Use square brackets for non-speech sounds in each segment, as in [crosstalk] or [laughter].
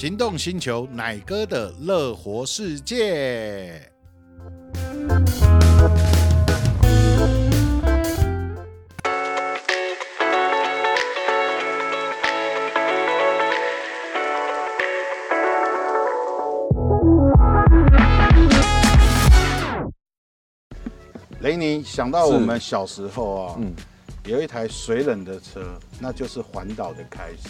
行動星球，迺哥的樂活世界。雷尼，想到我們小時候啊，嗯。有一台水冷的車，那就是環島的開始。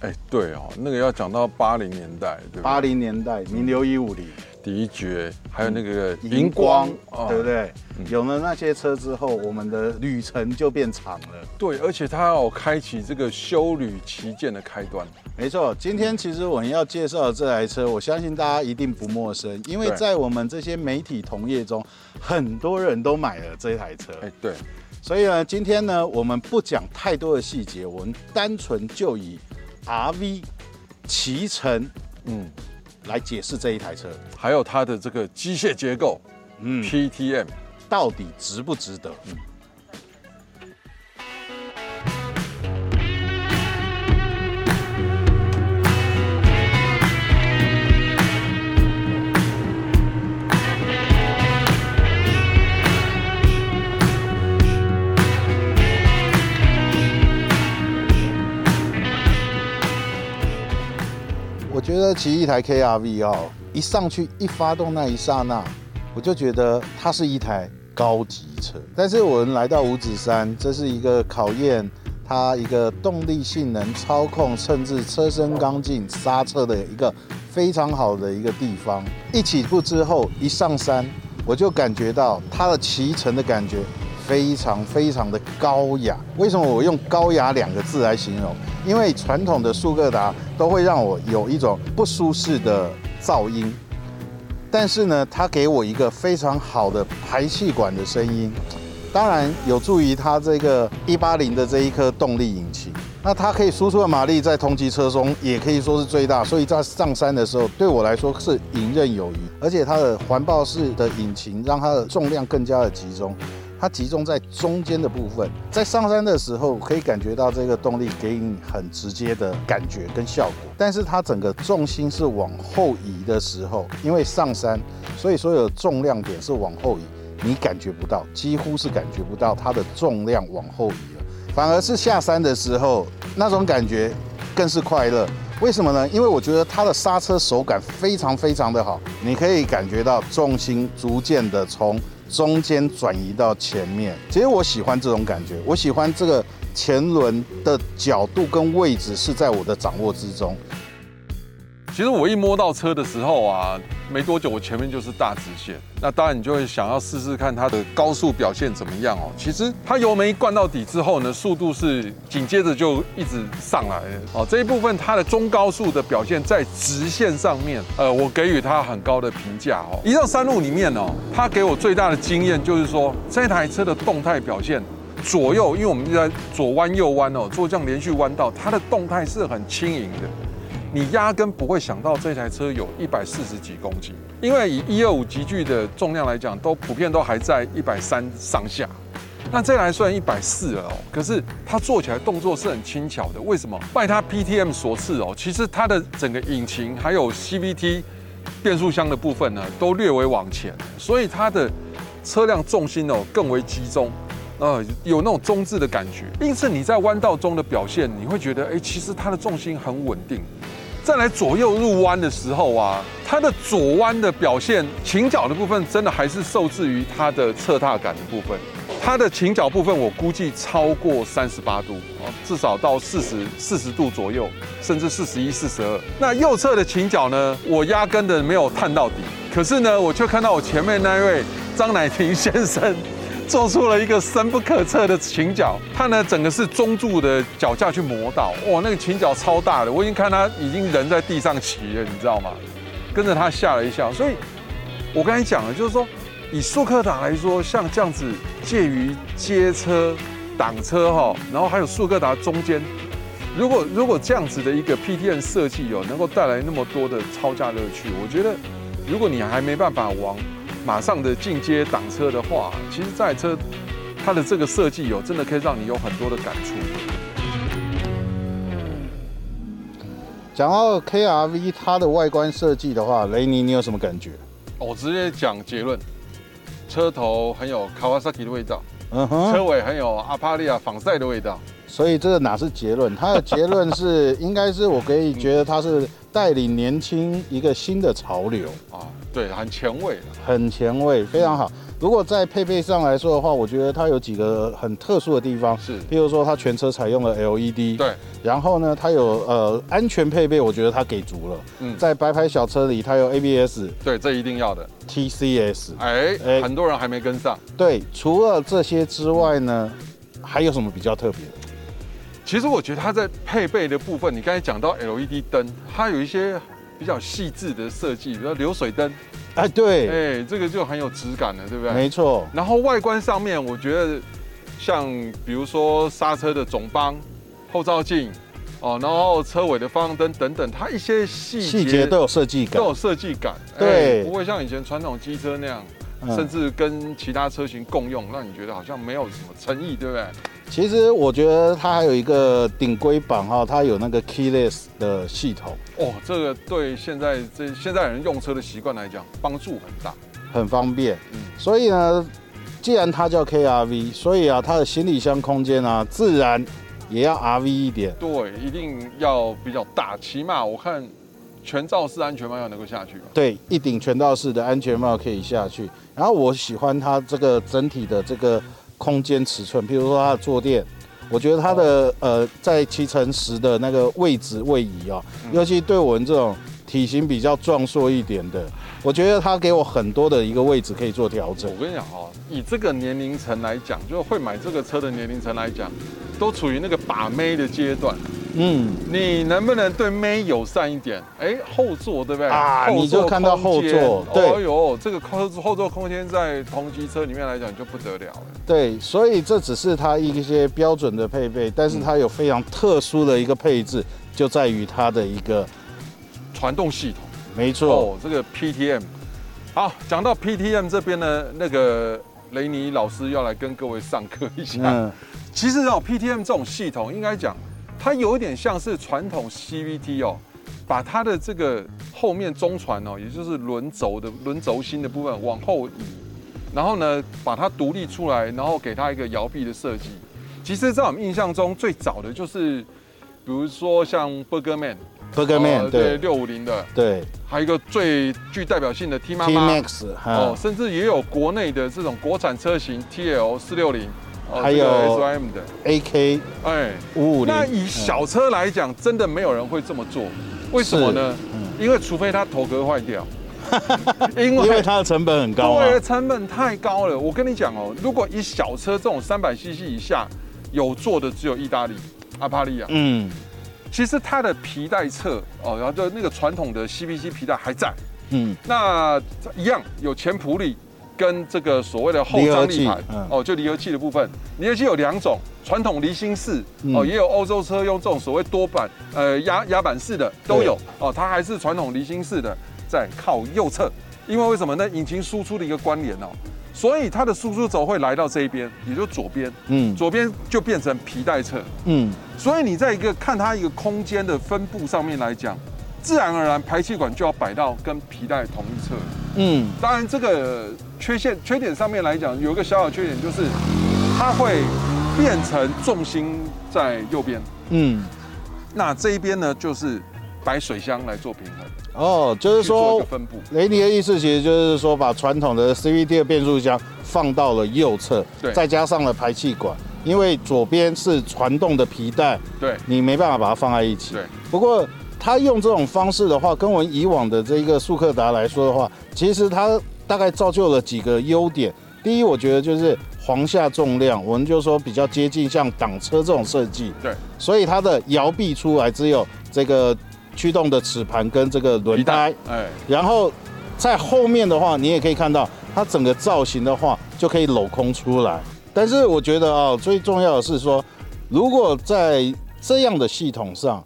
哎、欸，對哦，那個要講到八零年代，對吧？八零年代，名流一五零、迪爵、嗯，還有那個銀光，熒光啊、對不對？嗯、有了那些車之後，我們的旅程就變長了。對，而且它要開啟這個休旅旗艦的開端。沒錯，今天其實我們要介紹的這台車，我相信大家一定不陌生，因為在我們這些媒體同業中，對很多人都買了這台車。哎、欸，對。所以呢，今天呢，我們不講太多的細節，我們單純就以 RV 騎乘，嗯，來解釋這一台車，還有它的這個機械結構，嗯，PTM 到底值不值得？嗯。覺得騎一台 KRV 哦，一上去一發動那一剎那，我就覺得它是一台高級車。但是我們來到五指山，這是一個考驗它一個動力性能、操控，甚至車身剛勁、剎車的一個非常好的一個地方。一起步之後，一上山，我就感覺到它的騎乘的感覺。非常非常的高雅，為什麼我用高雅兩個字來形容？因為傳統的速克達都會讓我有一種不舒適的噪音，但是呢，它給我一個非常好的排氣管的聲音，當然有助於它這個一八零的這一顆動力引擎。那它可以輸出的馬力在同級車中也可以說是最大，所以在上山的時候對我來說是游刃有餘，而且它的環抱式的引擎讓它的重量更加的集中。它集中在中間的部分，在上山的時候可以感覺到這個動力給你很直接的感覺跟效果，但是它整個重心是往後移的時候，因為上山，所以所有的重量點是往後移，你感覺不到，幾乎是感覺不到它的重量往後移了，反而是下山的時候那種感覺，更是快樂。為什麼呢？因為我覺得它的剎車手感非常非常的好，你可以感覺到重心逐漸的從中間轉移到前面，其實我喜歡這種感覺，我喜歡這個前輪的角度跟位置是在我的掌握之中。其實我一摸到車的時候啊，沒多久我前面就是大直線，那當然你就會想要試試看它的高速表現怎麼樣哦。其實它油門一灌到底之後呢，速度是緊接着就一直上來的哦。這一部分它的中高速的表現在直線上面，呃，我給予它很高的評價哦。一到山路裡面哦，它給我最大的經驗就是說，這台車的動態表現左右，因為我們一直在左彎右彎哦，做這樣連續彎道，它的動態是很輕盈的。你壓根不會想到這台車有一百四十幾公斤，因為以一二五級距的重量來講，都普遍都還在一百三上下，那這台雖然一百四了哦。可是它做起來動作是很輕巧的，為什麼？拜它 PTM 所賜哦。其實它的整個引擎還有 CVT 變速箱的部分呢，都略微往前，所以它的車輛重心哦更為集中，呃，有那種中置的感覺。因此你在彎道中的表現，你會覺得哎，其實它的重心很穩定。再來左右入彎的時候啊，它的左彎的表現，傾角的部分真的還是受制於它的側踏感的部分。它的傾角部分我估計超過三十八度啊，至少到四十、四十度左右，甚至四十一、四十二。那右側的傾角呢，我壓根的沒有探到底。可是呢，我卻看到我前面那一位張迺庭先生。做出了一個深不可測的傾角，它呢整個是中柱的腳架去磨到。哇，那個傾角超大的，我已經看它已經人在地上騎了，你知道嗎？跟着他嚇了一下，所以我剛才講了，就是說以速克達來說，像這樣子介於街車、擋車哈、哦，然後還有速克達中間，如果如果這樣子的一個 PTM 設計哦，能夠帶來那麼多的超車樂趣，我覺得如果你還沒辦法往。馬上的進階擋車的話，其實這台車它的這個設計有真的可以讓你有很多的感觸。講到 KRV 它的外觀設計的話，雷尼你有什麼感覺？我直接講結論，車頭很有 Kawasaki 的味道，車尾很有阿帕利亞仿賽的味道。所以這個哪是結論？它的結論是應該是我可以覺得它是。帶領年輕一個新的潮流啊，對，很前衛的，很前衛，非常好。如果在配備上來說的話，我覺得它有幾個很特殊的地方，是，比如說它全車採用了 LED，對，然後呢，它有呃安全配備，我覺得它給足了，嗯，在白牌小車裡，它有 ABS，欸，對，這一定要的，TCS，哎哎，很多人還沒跟上，對，除了這些之外呢，還有什麼比較特別的？其實我覺得它在配備的部分，你剛才講到 LED 燈，它有一些比較細緻的設計，比如說流水燈，哎，對，哎，這個就很有質感了，對不對？沒錯。然後外觀上面，我覺得像比如說剎車的總泵、後照鏡，哦，然後車尾的方向燈等等，它一些細節，細節都有，都有設計感，都有設計感，對，不會像以前傳統機車那樣，甚至跟其他車型共用，啊，讓你覺得好像沒有什麼誠意，對不對？其實我覺得它還有一個頂規版，哈，它有那個 keyless 的系統哦，這個對現在這現在人用車的習慣來講幫助很大，很方便。嗯，所以呢，既然它叫 K R V，所以啊，它的行李箱空間啊，自然也要 R V 一點。對，一定要比較大，起碼我看全罩式安全帽要能夠下去吧？對，一頂全罩式的安全帽可以下去。然後我喜歡它這個整體的這個。空間尺寸，譬如說它的坐墊，我覺得它的、哦、呃，在騎乘時的那個位置位移啊、哦，嗯、尤其對我們這種體型比較壯碩一點的，我覺得它給我很多的一個位置可以做調整。我跟你講啊、哦，以這個年齡層來講，就會買這個車的年齡層來講，都處於那個把妹的階段。嗯，你能不能對妹友善一點？哎、欸，後座對不對？啊，你就看到後座，對。哦、哎呦，這個空後座空間在同級車裡面來講就不得了了。對，所以這只是它一些標準的配備，但是它有非常特殊的一個配置，嗯、就在於它的一個傳動系統。沒錯、哦，這個 PTM。好，講到 PTM 這邊呢，那個雷尼老師要來跟各位上課一下。嗯，其實哦 PTM 這種系統應該講。它有一點像是傳統 CVT 哦，把它的這個後面中傳哦，也就是輪軸的輪軸心的部分往後移，然後呢把它獨立出來，然後給它一個搖臂的設計。其實，在我們印象中，最早的就是，比如說像 Burgerman，Burgerman 對，六五零的，對，對還有一個最具代表性的 T, 媽媽 T Max 哦，甚至也有國內的這種國產車型 TL 四六零。還有 s,、喔、s y M 的 A K，哎，五五零。那以小車來講，真的沒有人會這麼做，為什麼呢？因為除非它頭殼壞掉，因為它的成本很高，因為成本太高了。我跟你講哦，如果以小車這種三百 CC 以下有做的，只有意大利阿帕利亞。嗯，其實它的皮帶側哦，然後就那個傳統的 C B C 皮帶還在。嗯，那一樣有前普利。跟這個所謂的後張力盤哦，就離合器的部分，離合器有兩種，傳統離心式哦，也有歐洲車用這種所謂多板呃壓壓板式的都有哦，它還是傳統離心式的在靠右側，因為為什麼呢？引擎輸出的一個關聯哦，所以它的輸出軸會來到這一邊，也就左邊，嗯，左邊就變成皮帶側，嗯，所以你在一個看它一個空間的分布上面來講，自然而然排氣管就要擺到跟皮帶同一側。嗯，當然，這個缺陷、缺點上面來講，有一個小小缺點就是，它會變成重心在右邊。嗯，那這一邊呢，就是擺水箱來做平衡。哦，就是說一個分布。雷尼的意思其實就是說，把傳統的 CVT 的變速箱放到了右側，對，再加上了排氣管，因為左邊是傳動的皮帶，對，你沒辦法把它放在一起。對，不過。它用這種方式的話，跟我們以往的這個速克達來說的話，其實它大概造就了幾個優點。第一，我覺得就是簧下重量，我們就是說比較接近像擋車這種設計。對。所以它的搖臂出來只有這個驅動的齒盤跟這個輪胎。哎，皮帶。然後在後面的話，你也可以看到它整個造型的話就可以鏤空出來。但是我覺得啊，最重要的是說，如果在這樣的系統上。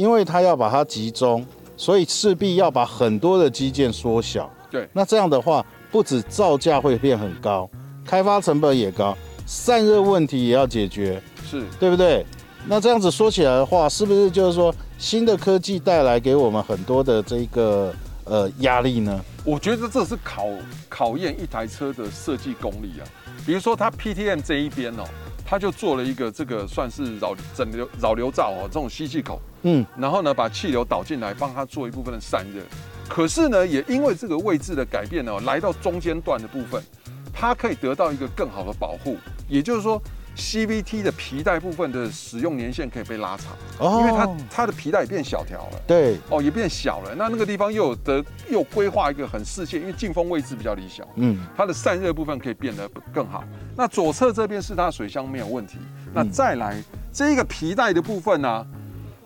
因為它要把它集中，所以勢必要把很多的基建縮小。對，那這樣的話，不止造價會變很高，開發成本也高，散熱問題也要解決，是對不對？那這樣子說起來的話，是不是就是說新的科技帶來給我們很多的這個呃壓力呢？我覺得這是考考驗一台車的設計功力啊。比如說它 PTM 這一邊哦，它就做了一個這個算是擾整流擾流罩哦、喔，這種吸氣口。嗯，然後呢，把氣流導進來，幫它做一部分的散熱。可是呢，也因為這個位置的改變呢、喔，來到中間段的部分，它可以得到一個更好的保護。也就是說，CVT 的皮帶部分的使用年限可以被拉長。因為它它的皮帶變小條了。對。哦，哦、也變小了。那那個地方又得又規劃一個很視線，因為進風位置比較理想。嗯。它的散熱部分可以變得更好。那左側這邊是它的水箱沒有問題。那再來這個皮帶的部分呢、啊？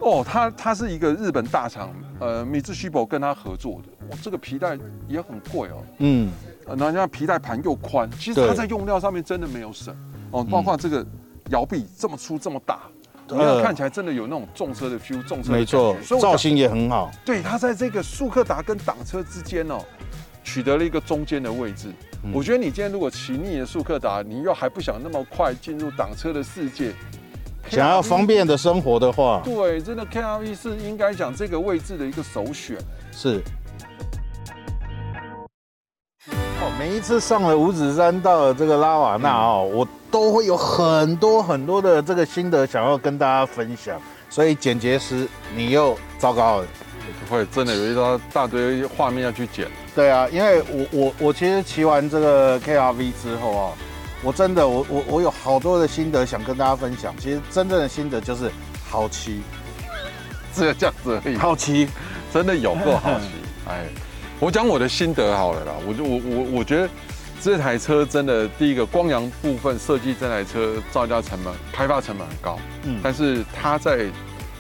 哦，它它是一個日本大廠，呃，米芝喜保跟它合作的。哇、哦，這個皮帶也很貴哦。嗯，那像、呃、皮帶盤又寬，其實它在用料上面真的沒有省。對哦，包括這個搖臂這麼粗這麼大，那對看起來真的有那種重車的 feel，重車的感覺沒錯，所以造型也很好。對，它在這個速克達跟擋車之間哦，取得了一個中間的位置。嗯、我覺得你今天如果騎膩了速克達，你又還不想那麼快進入擋車的世界。想要方便的生活的話，對，真的 K R V 是應該講這個位置的一個首選。是。每一次上了五指山，到了這個拉瓦納，我都會有很多很多的這個心得想要跟大家分享。所以剪輯師，你又糟糕了。不會，真的有一大堆畫面要去剪。對啊，因為我我我其實騎完這個 K R V 之後啊。我真的，我我我有好多的心得想跟大家分享。其實真正的心得就是好騎，這個可以好騎，真的有夠好騎。嗯、哎，我講我的心得好了啦，我就我我我覺得這台車真的，第一個光陽部分設計這台車造價成本、開發成本很高，嗯，但是它在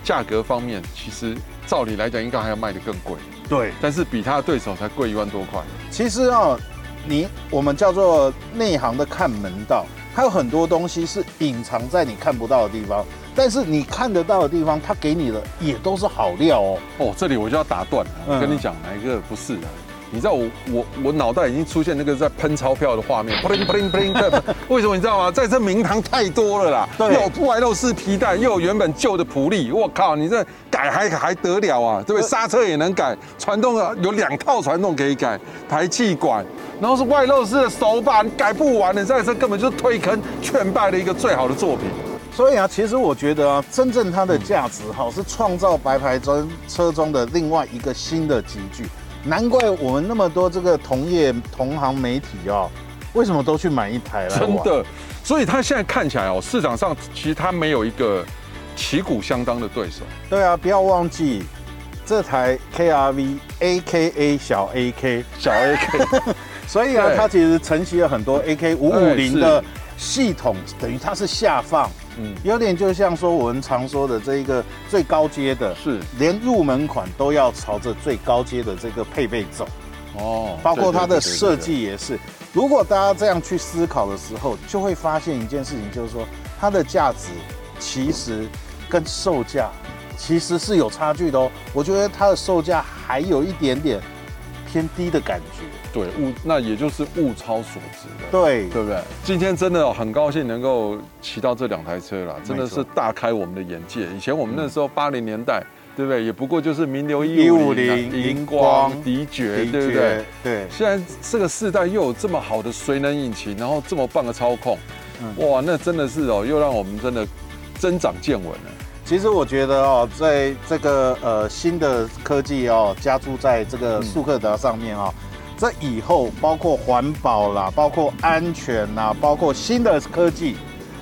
價格方面，其實照理來講應該還要賣得更貴，對，但是比它的對手才貴一萬多塊。其實啊、哦。你我們叫做內行的看門道，它有很多東西是隱藏在你看不到的地方，但是你看得到的地方，它給你的也都是好料哦。哦，這裡我就要打斷了，嗯、跟你講哪一個不是啊？你知道我我我腦袋已經出現那個在噴鈔票的畫面，bling bling bling。為什麼你知道嗎？在這名堂太多了啦，又有外露式皮帶，又有原本舊的普利，我靠，你這改還還得了啊？對不對？剎車也能改，傳動有兩套傳動可以改，排氣管，然後是外露式的手把，改不完的。這車根本就是推坑勸敗的一個最好的作品。所以啊，其實我覺得啊，真正它的價值哈，是創造白牌車中的另外一個新的級距。難怪我們那麼多這個同業同行媒體啊、哦，為什麼都去買一台了？真的，所以他現在看起來哦，市場上其實他沒有一個旗鼓相當的對手。對啊，不要忘記。這台 K R V A K A 小 A K 小 A K， [laughs] 所以啊，對 它其實承襲了很多 A K 五五零的系統，等於它是下放。嗯，有點就像說我們常說的這個最高階的，是連入門款都要朝着最高階的這個配備走，哦，包括它的設計也是。如果大家這樣去思考的時候，就會發現一件事情，就是說它的價值其實跟售價。其實是有差距的哦，我覺得它的售價還有一點點偏低的感覺。對，物那也就是物超所值的。對，對不對？今天真的、哦、很高興能夠騎到這兩台車了，錯真的是大開我們的眼界。以前我們那時候八零年代，嗯、對不對？也不過就是名流一五零、熒光、迪爵光，絕對不對？對。現在這個世代又有這麼好的水冷引擎，然後這麼棒的操控，嗯、哇，那真的是哦，又讓我們真的增長見聞了。其實我覺得哦，在這個呃新的科技哦，加注在這個速克達上面啊、哦，嗯、這以後包括環保啦，包括安全啦，包括新的科技，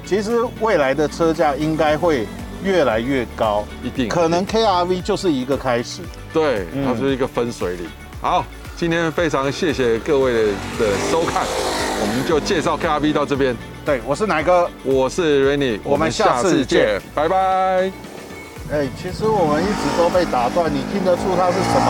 其實未來的車價應該會越來越高，一定。可能 K R V 就是一個開始，對，它是一個分水嶺。嗯、好，今天非常謝謝各位的收看。我們就介紹 KRV 到這邊。對，我是迺哥，我是 Rainy，我們下次見，拜拜。哎、欸，其實我們一直都被打斷，你聽得出它是什麼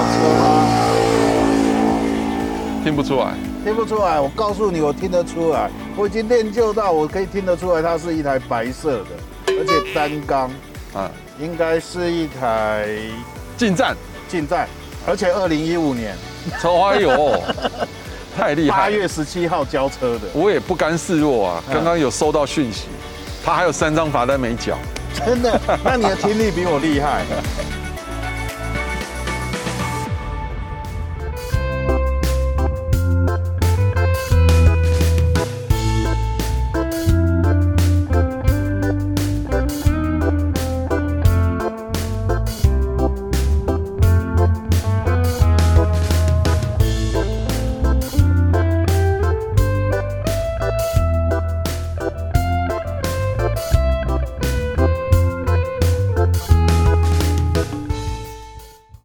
車嗎？聽不出來，聽不出來。我告訴你，我聽得出來，我已經練就到我可以聽得出來，它是一台白色的，而且單缸啊，應該是一台進站進站，而且二零一五年，超哎有哦。 [laughs] 太厲害！八月十七號交車的，我也不甘示弱啊。剛剛有收到訊息，他還有三張罰單沒繳，真的，那你的聽力比我厲害。